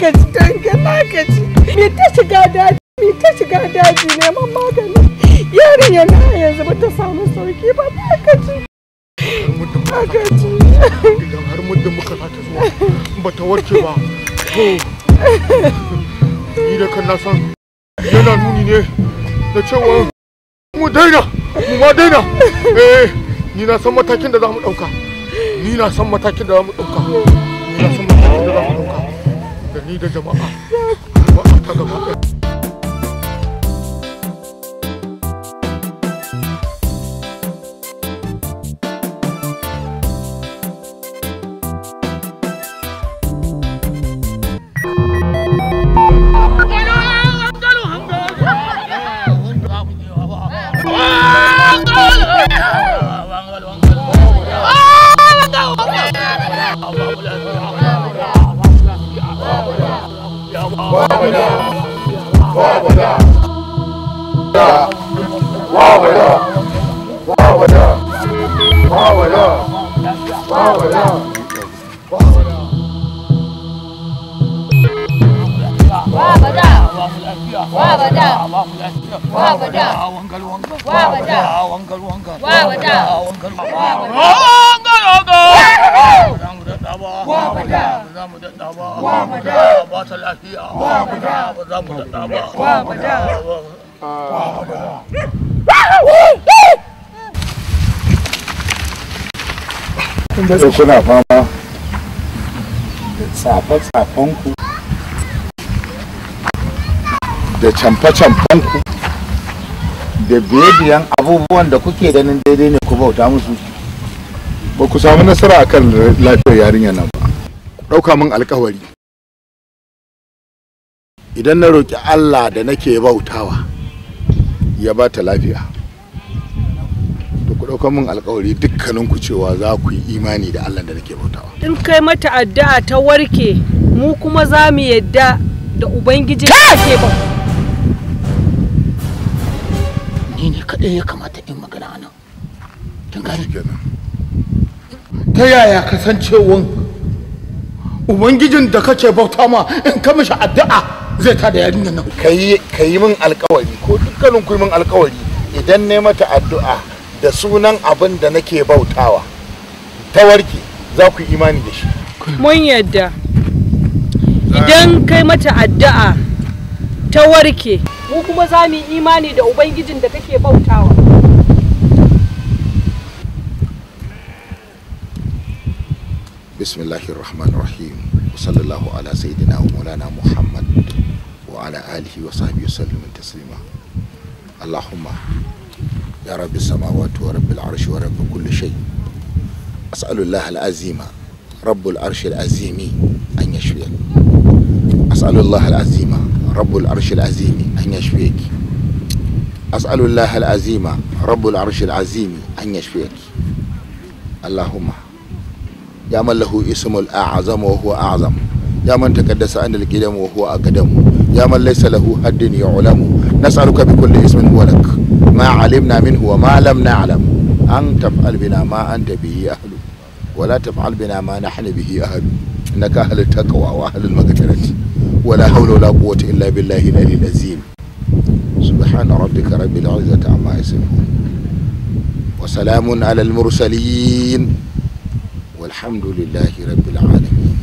gaji danga na gaji me ta shiga daji me ta shiga daji neman magani yarinya na yanzu ba ta samu sauki ba ta gaji ta har muddin muka za ta zuwa ba ta warke ba ni da kan na san yana nuni ne da cewa mu daina mu ma daina eh ni na san matakin da za mu ɗauka ni na san matakin da za mu ɗauka ni na san matakin da za mu ɗauka 你在干么？我他干嘛？sai kuna fama tsafe ku da camfan ku da biye biyan abubuwan da kuke ganin daidai ne ku bauta musu ba ku samu nasara a kan lafiyar yarinya nan ba ɗauka min alkawari idan na roƙi allah da nake bautawa ya ba ta lafiya to ku ɗauka min alkawari dukkanin ku cewa za ku yi imani da Allah da nake bautawa in kai mata addu'a ta warke mu kuma za mu yadda da ubangiji da ke ba ni ne kaɗai ya kamata in magana a nan kin gane ta yaya kasancewan ubangijin da kace bauta ma in ka mishi addu'a zai ta da yarinyar nan ka yi min alkawari ko dukkanin ku min alkawari idan ne mata addu'a da sunan abin da nake bautawa ta warke za ku imani da shi mun yadda idan kai mata addu'a ta warke mu kuma za mu imani da ubangijin da kake bautawa bismillahir rahmanir rahim sallallahu ala sayyidina wa maulana muhammad wa ala alihi wa sahbihi sallam taslima allahumma يا رب السماوات ورب العرش ورب كل شيء أسأل الله العظيم رب العرش العظيم أن يشفيك أسأل الله العظيم رب العرش العظيم أن يشفيك أسأل الله العظيم رب العرش العظيم أن يشفيك اللهم يا من له اسم الأعظم وهو أعظم يا من تقدس عن القدم وهو أقدم يا من ليس له حد يعلم نسألك بكل اسم هو لك ما علمنا منه وما لم نعلم أن تفعل بنا ما أنت به أهل ولا تفعل بنا ما نحن به أهل إنك أهل التقوى وأهل المغفرة ولا حول ولا قوة إلا بالله العلي العظيم سبحان ربك رب العزة عما يصفون وسلام على المرسلين والحمد لله رب العالمين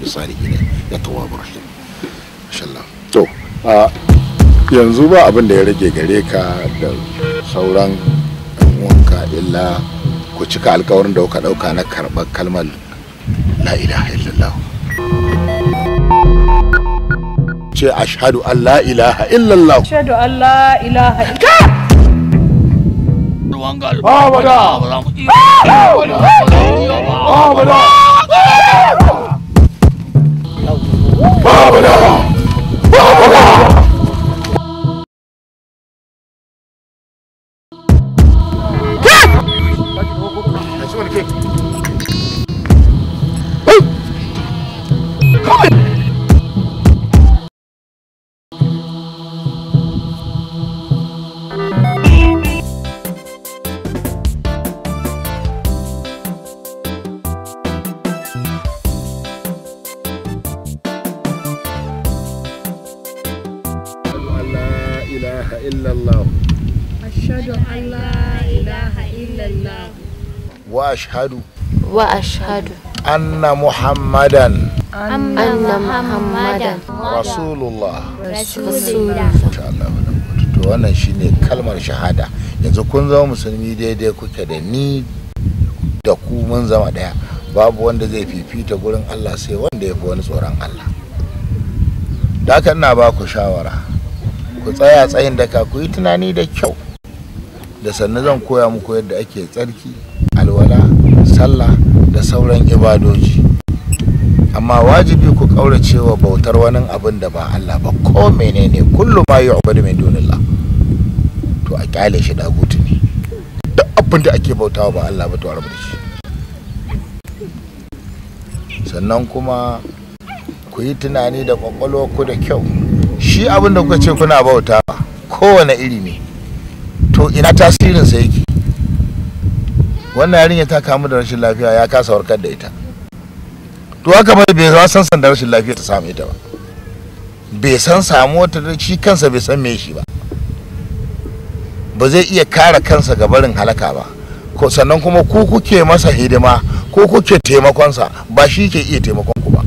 ya rahim yanzu ba abin da ya rage gare ka da sauran wanka illa ku cika alkawarin da kuka dauka na karɓar kalmar la ilaha illallah ce ashhadu an la ilaha illallah ashhadu an la ilaha illallah ruwan galiba. Abada! Abada! Abada! anna muhammadan anna muhammadan rasulullah rasulullah to wannan shine kalmar shahada yanzu kun zama musulmi daidai kuke da ni da ku mun zama daya babu wanda zai fifita gurin Allah sai wanda ya fi wani tsoron Allah da haka ina ba ku shawara ku tsaya tsayin daka ku yi tunani da kyau da sannu zan koya muku yadda ake tsarki alwala sallah da sauran ibadoji amma wajibi ku ƙaurace wa bautar wani abin da ba Allah ba ko menene kullum ma yi ubadu mai dunillah to a kyale shi gutu ne duk abin da ake bautawa ba Allah ba to a rabu shi sannan kuma ku yi tunani da ku da kyau shi abin da kuka ce kuna bauta kowane iri ne to ina tasirin sa yake wannan yarinya ta kamu da rashin lafiya ya kasa warkar da ita to haka bai bai san san da rashin lafiya ta samu ita ba bai san wata da shi kansa bai san me shi ba ba zai iya kare kansa ga barin halaka ba ko sannan kuma ku kuke masa hidima ko kuke taimakonsa ba shi ke iya taimakon ku ba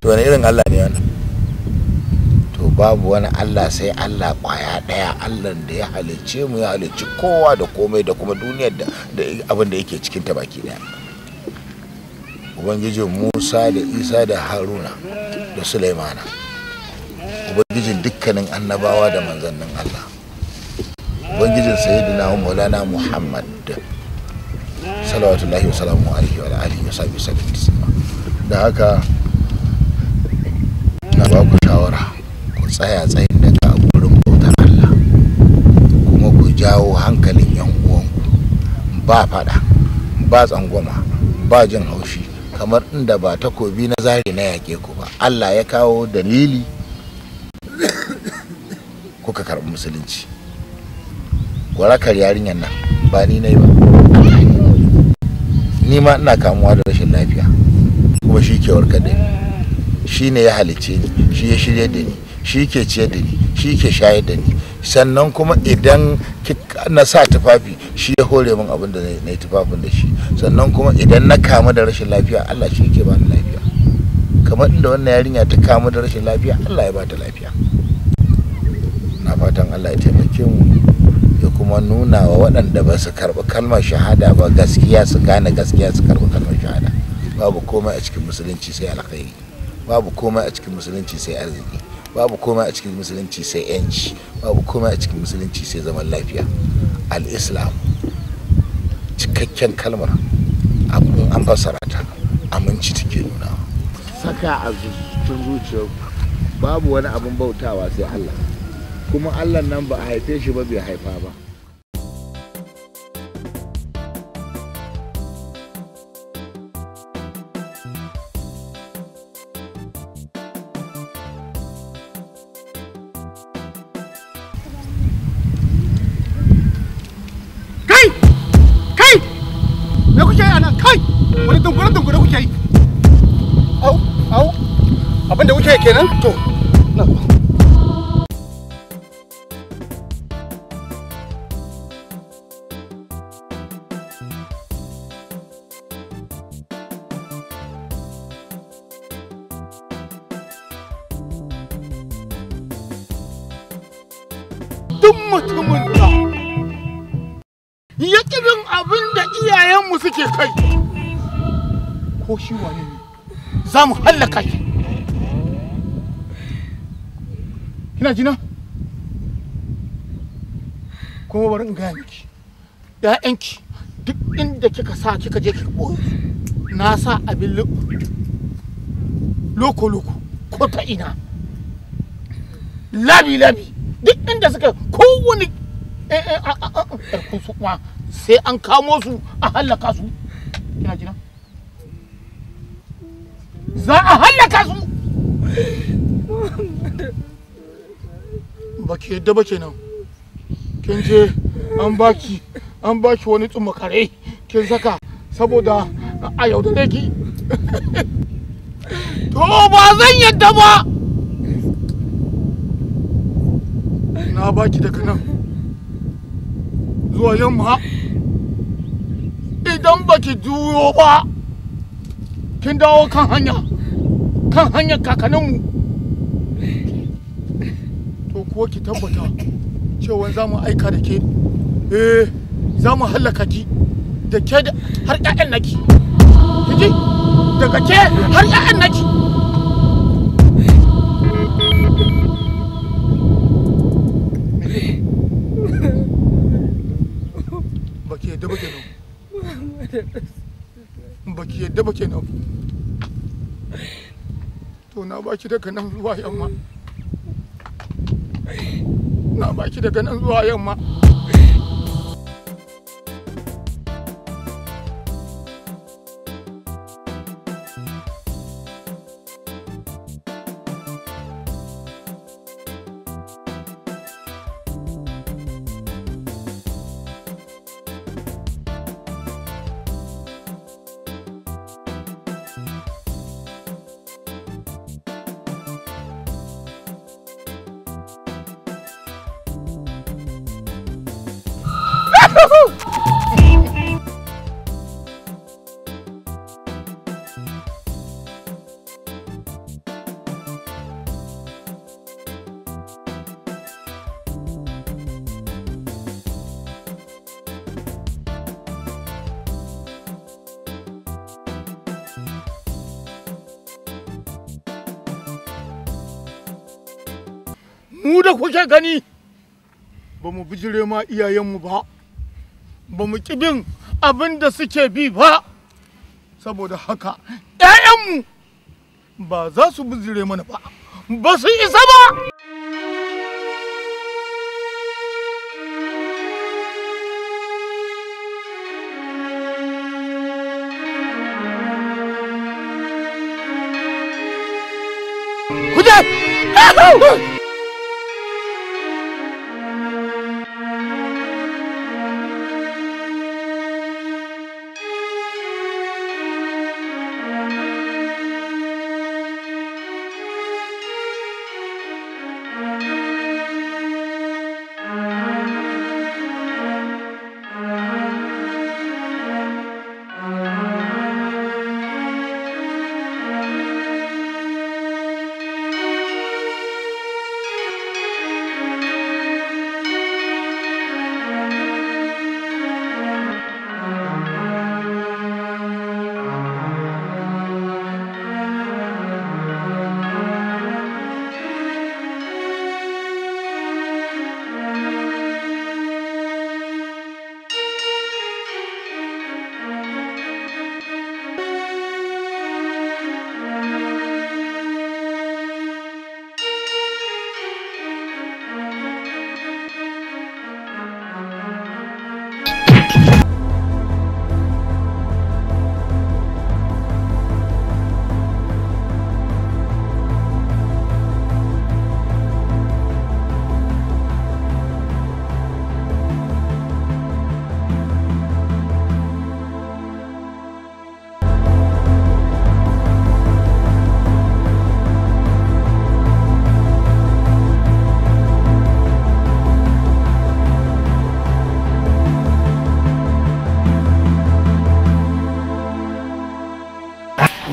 to wani irin Allah ne wannan babu wani Allah sai Allah kwaya ɗaya Allah da ya halicce mu ya halicci kowa da komai da kuma duniyar da abin da yake ta baki ɗaya ubangijin musa da isa da haruna da sulaimana ubangijin dukkanin annabawa da manzannin Allah ubangijin sayyidina maulana muhammad salawatullahi wasalamu alaihi wa alihi wa sabi da haka na ba shawara tsaya tsayin da a gurin bautar Allah kuma ku jawo hankalin yan uwanku ba fada ba tsangwama ba jin haushi kamar inda ba takobi na zare na yake ku ba Allah ya kawo dalili kuka karɓi musulunci warakar yarinyar nan ba ni na yi ba ni ma ina kamuwa da rashin lafiya kuma shi ke warkar da ni shi ne ya halice ni shi ya shirya da ni shi ke ciyar da ni shi ke shayar da ni sannan kuma idan na sa tufafi shi ya hore min abin da na yi tufafin da shi sannan kuma idan na kamu da rashin lafiya allah shi ke bani lafiya kamar inda wannan yarinya ta kamu da rashin lafiya allah ya ba ta lafiya na fatan allah ya taimake mu ya kuma nuna wa waɗanda ba su karɓi kalmar shahada ba gaskiya su gane gaskiya su karɓi kalmar shahada babu komai a cikin musulunci sai alkhairi babu komai a cikin musulunci sai arziki babu komai a cikin musulunci sai yanci babu komai a cikin musulunci sai zaman lafiya al-islam cikakken kalmar abin an fassara ta aminci take nuna saka a cikin zuciyar babu wani abin bautawa sai Allah kuma Allah nan ba a haife shi ba bai haifa ba 你能走？'ya'yanki duk inda kika sa kika je kika ɓoye na sa abin loko-loko ko ta ina labi-labi duk inda suka kowane ɗarkun eh, eh, su kuma sai an kamo su a hallaka su kina jina za a hallaka su baki yadda ba kenan kin je an baki an ba shi wani tsumma kare kin saka saboda a yaudare ki to ba zan yadda ba na ba ki daga nan zuwa yamma idan ba ki juyo ba kin dawo kan hanya kan hanyar kakaninmu to kuwa ki tabbata cewa za mu aika da ke eh za mu hallaka ki da ke har ƴaƴan naki kiji daga ke har ƴaƴan naki baki yadda ba kenan baki yadda ba kenan to na baki daga nan zuwa yamma na baki daga nan zuwa yamma mu da kuke gani ba mu bijire ma iyayenmu ba ba mu bin abin da suke bi ba saboda haka ‘ya'yanmu ba za su bijire mana ba ba su isa ba Woo!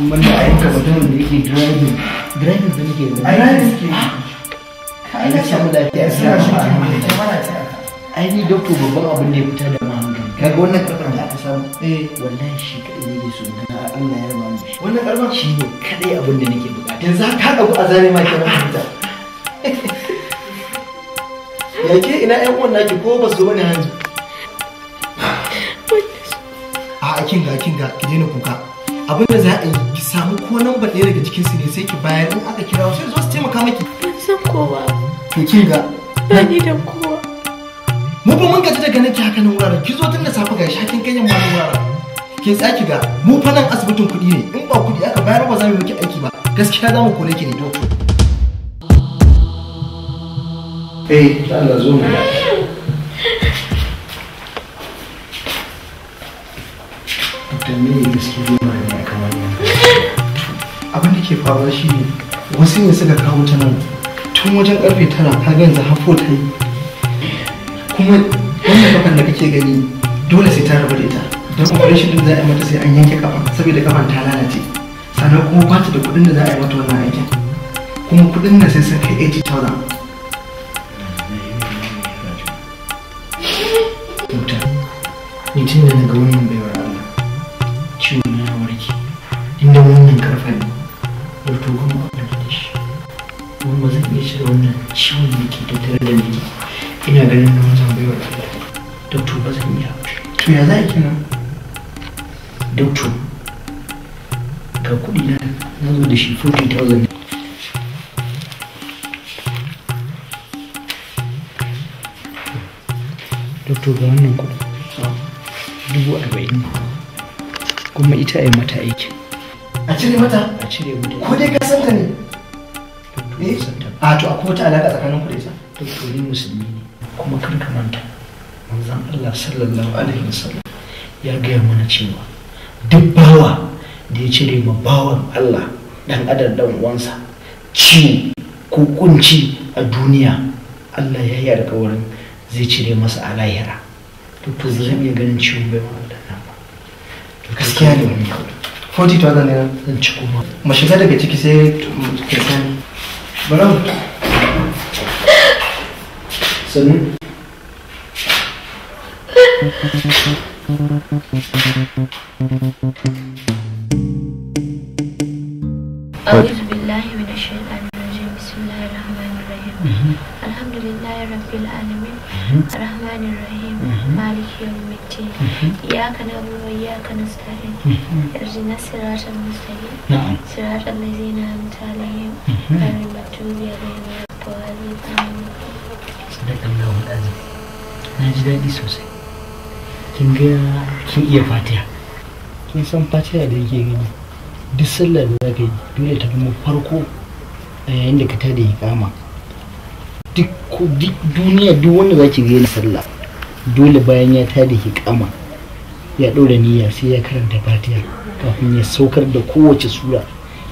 ban a yanka mutumin da yake driving driving da nake yi a driving ke ai na samu lafiya sai a shi ai ni doctor babban abin da ya fita da ma hankali kaga wannan karfin da aka samu eh wallahi shi kaɗai ne so na Allah ya raba mu wannan karfin shi ne kadai abin da nake bukata yanzu ka dago a zare ma kenan Ya yake ina yan uwan naki ko ba su wani hanzu a kin ga kin ga ki daina kuka abin da za a yi ki samu ko namba ɗaya daga cikin su ne sai ki bayar in aka kira sai zo su taimaka miki ban san kowa to kin ga ba ni da kowa mu ba mun gaji daga ki haka nan wuraren ki zo tun da safe ga shakin ganyen ma wuraren ke tsaki ga mu fa nan asibitin kuɗi ne in ba kuɗi aka bayar ba za mu miki aiki ba gaskiya za mu kore ki ne doctor eh Allah zo mu faruwa shi ne wasu ne suka kawo ta nan tun wajen karfe tara ka ga yanzu hafo ta yi kuma wannan kafan da kake gani dole sai ta rabu da ita don shi din za a yi mata sai an yanke kafa saboda kafan ta lalace sannan kuma ba ta da kuɗin da za a yi mata wannan aikin kuma kuɗin na sai sun kai 80,000 ni tun da na wannan baiwar Allah ciwon ya warke inda wannan karfa ne to gwamma a da shi zan wannan ciwon da ke tattare da ni ina ganin na wajen baiwa ba zan iya to ya za ki nan ga kuɗi na zo da shi 40,000 ga wannan kuɗi dubu arba'in kuma ita a yi mata aikin a cire mata a cire mata ko dai ka san ta ne eh? a to akwai wata alaka tsakanin ku da ita to ni musulmi ne kuma kar ka manta manzon Allah sallallahu alaihi wasallam ya gaya mana cewa duk bawa da ya cire ma bawan Allah dan adam dan uwansa ciwo ko kunci a duniya Allah ya yi alkawarin zai cire masa a lahira to to zan iya ganin ciwon bai ma Allah ba to gaskiya ne wannan kawai 40,000 ne zan ci kuma mu shiga daga ciki sai ke san bari sannu أعوذ بالله من لله رب العالمين الرحمن الرحيم مالك يوم الدين إياك نعبد وإياك نستعين الصراط المستقيم صراط الذين أنعمت عليهم غير المغضوب عليهم ولا الضالين na daɗi sosai kin ga kin iya kin san fatiha da yake gani duk sallar da za yi dole farko yayin da ka tada kama. duk duniya duk wanda za ki yana sallah dole bayan ya tadaki hikama ya ɗora niyya sai ya karanta fatiha kafin ya saukar da kowace sura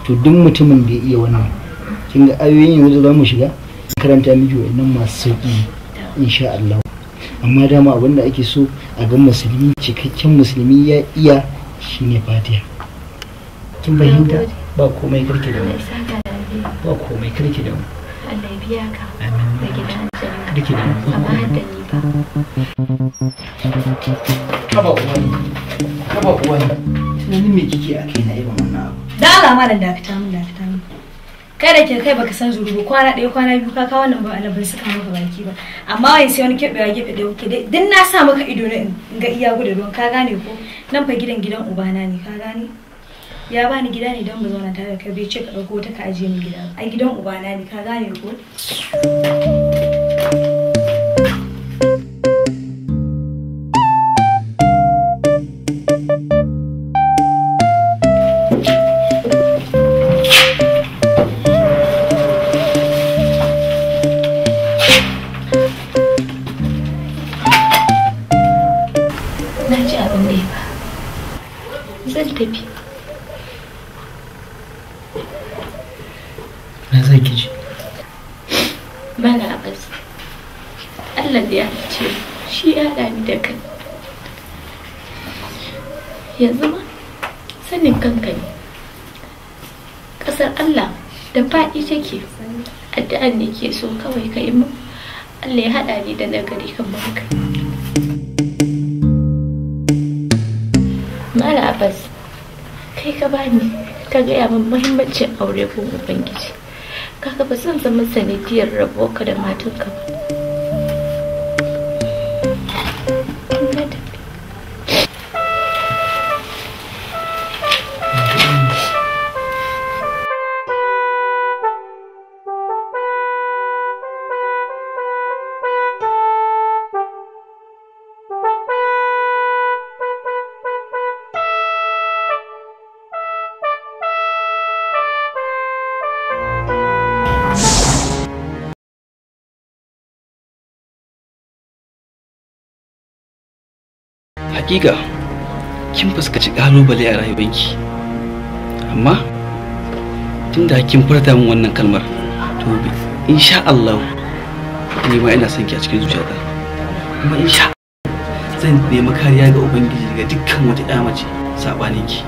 to duk mutumin da ya iya wannan kin ga ayoyin yanzu za mu shiga karanta miki wannan masu sauki insha Allah amma dama abinda ake so a ga musulmi cikakken musulmi ya iya shine fatiha kin fahimta ba komai kirki da mu ba komai kirki da mu Allah ya biya ka da gidan aljanna amma hadda ba kaba uwani kaba uwani tunanin me kike a kai na irin wannan abu da Allah ma da dakata mun dakata mun kai da ke kai baka san zuru ba kwana ɗaya kwana biyu ka kawo nan ba alaban suka maka baki ba amma wai sai wani kebewa gefe da kuke dai din na sa maka ido na in ga iya gudu don ka gane ko nan fa gidan gidan ubana ne ka gane ya bani gida ne don mu zauna tare da kai bai ce ka ɗauko ta ka ajiye ni gida a gidan uba na ne ka gane ko ya basu Allah da ya ce shi ya dami da kai yanzu ma sanin kanka ne ƙasar Allah da faɗi take addu'an ne ke so kawai ka yi min. Allah ya haɗa ni da nagari kan ka Mala Abbas kai ka bani ka gaya min muhimmancin aure ko ubangiji kaga ba zan zama sanadiyar rabuwarka da matanka ba hakika kin fuskaci kalubale a rayuwanki amma tunda kin furta min wannan kalmar to insha Allah ni ma ina son ki a cikin zuciyata kuma insha zan nemi kariya ga ubangiji daga dukkan wata ƴa mace sabanin ki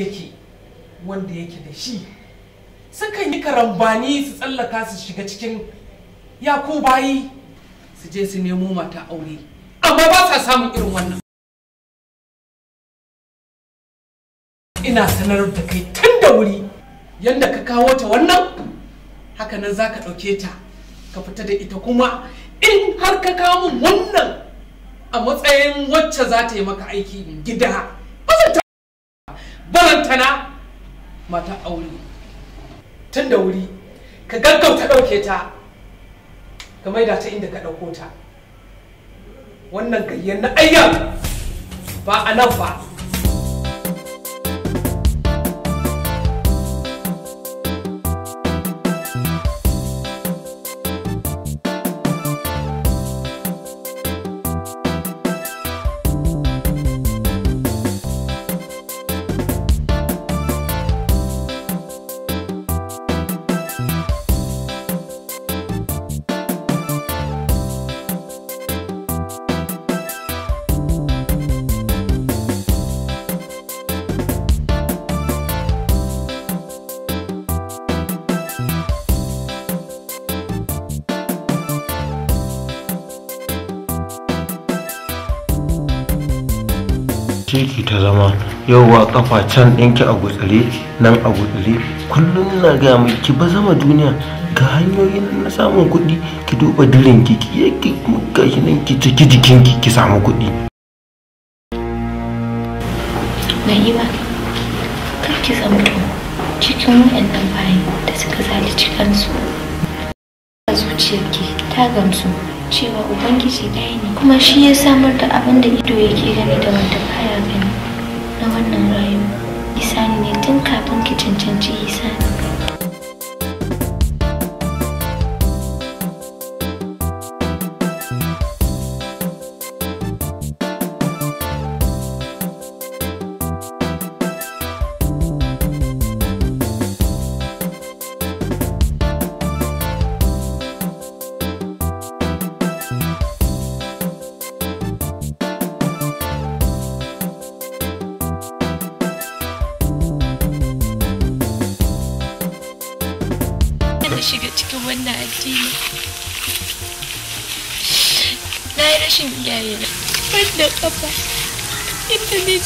yake wanda yake da shi sukan yi karambani su tsallaka su shiga cikin yaku bayi su je su nemo mata aure amma ba sa samun irin wannan ina sanar da kai tun da wuri yadda ka kawo ta wannan haka nan za ka ɗauke ta ka fita da ita kuma in har ka kawo wannan a matsayin wacce za ta yi maka aiki gida balantana mata aure tun da wuri ka gaggauta ɗauke ta ka maida ta inda ka ɗauko ta wannan gayyar na ayyan ba a nan ba kirki ta zama yauwa kafa can ɗinki a gutsire nan a gutsire kullum na gaya mai ki ba zama duniya ga hanyoyin na samun kuɗi ki duba dirin ki ki shi nan ki ciki jikin ki ki samu kuɗi. Na'ima, kar ki zamto cikin waɗannan bayan da suka zalici kansu. Zuciyarki ta gamsu cewa ubangiji ɗaya ne kuma shi ya samar da abin da ido yake gani da wanda baya gani na wannan rayuwa isa ne tun kafin ki cancanci isa ne.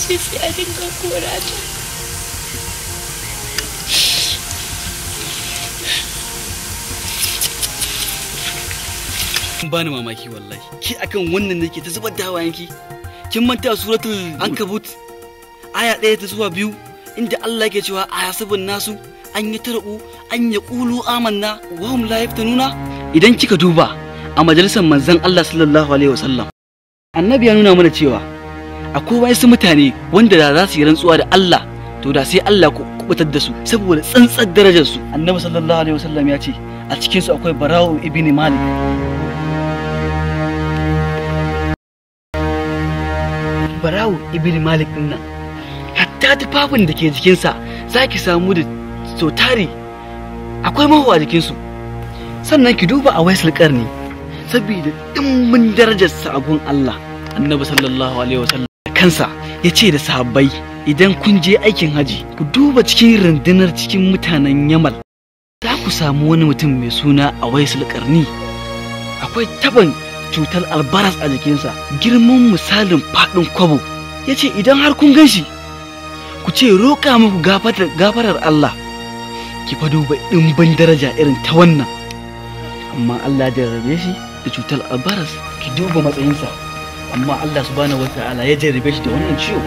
ce sai bani mamaki wallahi ki akan wannan da ke ta zubar da hawayenki kin manta suratul ankabut aya ɗaya ta zuwa biyu inda Allah ke cewa a yasabun nasu an yi tarabu an yi ƙulu amanna wa hum la idan kika duba a majalisar manzon Allah sallallahu alaihi wasallam annabi ya nuna mana cewa akwai wasu mutane wanda da za su yi rantsuwa da Allah to da sai Allah ku kubutar da su saboda tsantsar darajar su annabi sallallahu alaihi wasallam ya ce a cikin su akwai Barawu ibn malik Barawu ibn malik din nan hatta tufafin da ke jikinsa za ki samu da sotari akwai mahu a jikinsu sannan ki duba a waisul karni saboda dimbin darajar a gun Allah annabi sallallahu alaihi wasallam kansa ya ce da sahabbai idan kun je aikin haji ku duba cikin rundunar cikin mutanen yamal za ku samu wani mutum mai suna a waisul karni akwai taban cutar albaras a jikinsa girman misalin faɗin kwabo ya ce idan har kun gan shi ku ce roƙa muku gafarar Allah ki fa duba ɗimbin daraja irin ta wannan amma Allah da rabe shi da cutar albaras ki duba matsayinsa amma Allah subhanahu ta'ala ya jarrabe shi da wannan ciwo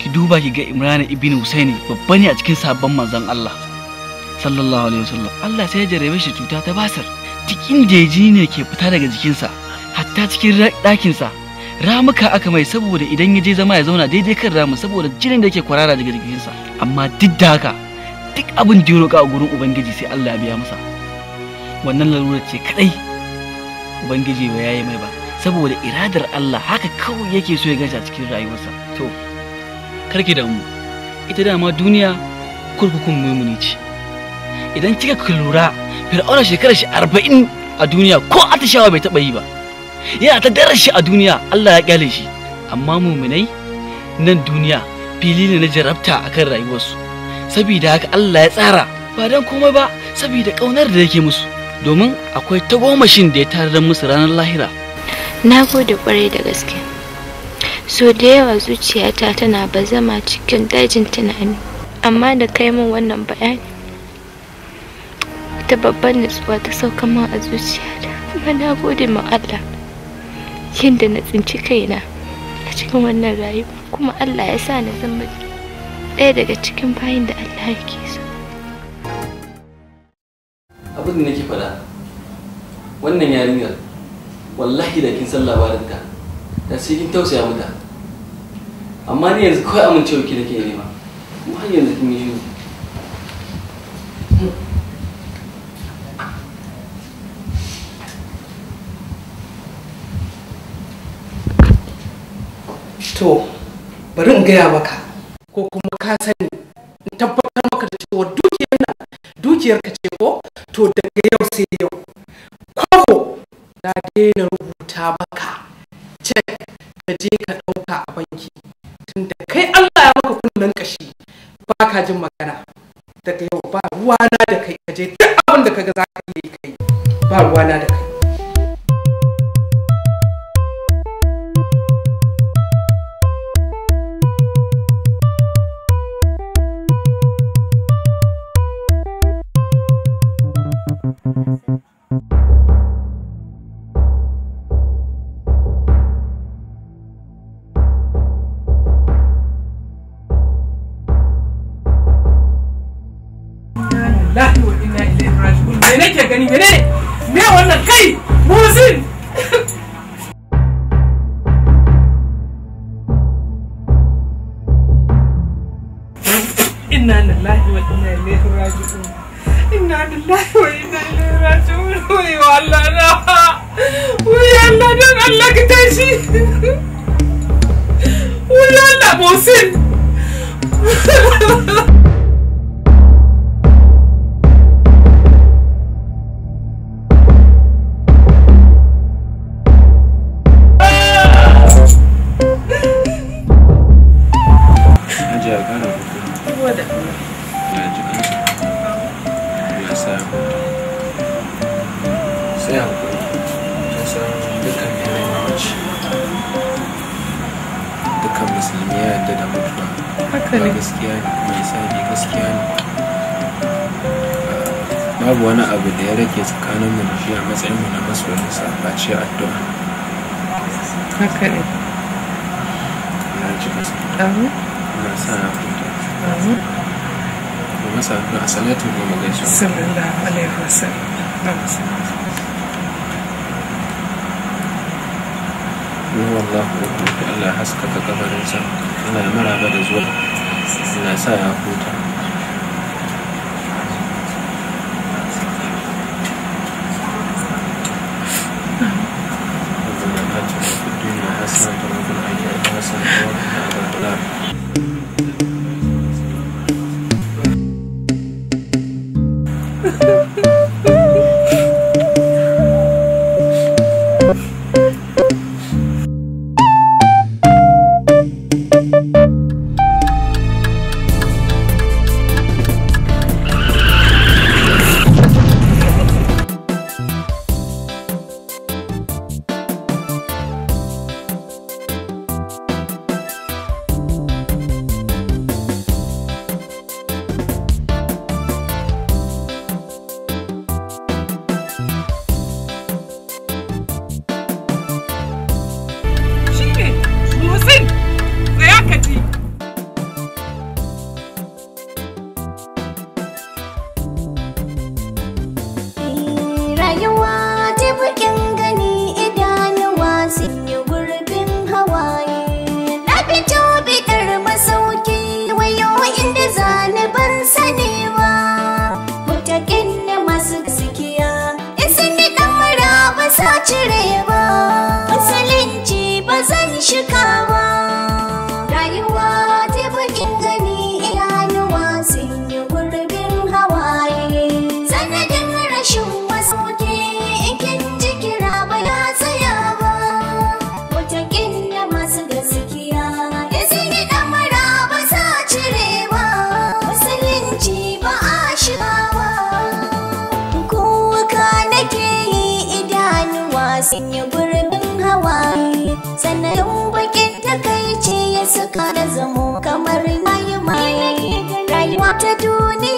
ki duba ki ga Imran ibn Husaini babba ne a cikin sabon manzon Allah sallallahu alaihi wasallam Allah sai ya jarrabe shi cuta ta basir cikin jeji ne ke fita daga jikinsa hatta cikin ɗakinsa ramuka aka mai saboda idan ya je zama ya zauna daidai kan ramu saboda jinin da yake kwarara daga jikinsa amma duk da haka duk abin da ya roƙa a gurin ubangiji sai Allah ya biya masa wannan larura ce kadai ubangiji ba yayi mai ba saboda iradar Allah haka kawai yake so ya gashi a cikin rayuwarsa to karki da mu ita dama duniya kurkukun mumuni ce idan kika lura fir'auna shekarar shi arba'in a duniya ko a atishawa bai taɓa yi ba yana ta darar shi a duniya Allah ya kyale shi amma muminai nan duniya fili ne na jarabta akan rayuwarsu saboda haka Allah ya tsara ba dan komai ba saboda ƙaunar da yake musu domin akwai tagomashin da ya tarar musu ranar lahira na gode kwarai da gaske so da yawa zuciyata tana bazama cikin dajin tunani amma da kai min wannan bayani ta babban nutsuwa ta sauka min a zuciyata kuma na gode ma Allah yadda na tsinci kaina a cikin wannan rayuwa kuma Allah ya sa na zama ɗaya daga cikin bayan da Allah ke so abin da nake faɗa wannan yarinyar wallahi da kin san labarinta da sai kin tausaya mata amma ni yanzu kawai amincewa ki nake nema kuma har yanzu kin yi shi to bari in gaya maka ko kuma ka sani in tabbatar maka da cewa dukiyar dukiyar ka ce ko to daga yau sai yau kwabo na daina rubuta maka cek ka je ka ɗauka a banki Tun da kai Allah ya maka kunnen kashi ba ka jin magana daga yau ba ruwana da kai ka je duk abin da ga za ka yi kai ba ruwana da kai Ulala Mohsin. Allah ya haskaka kafarinsa ina maraba da zuwa ina sa ya huta do need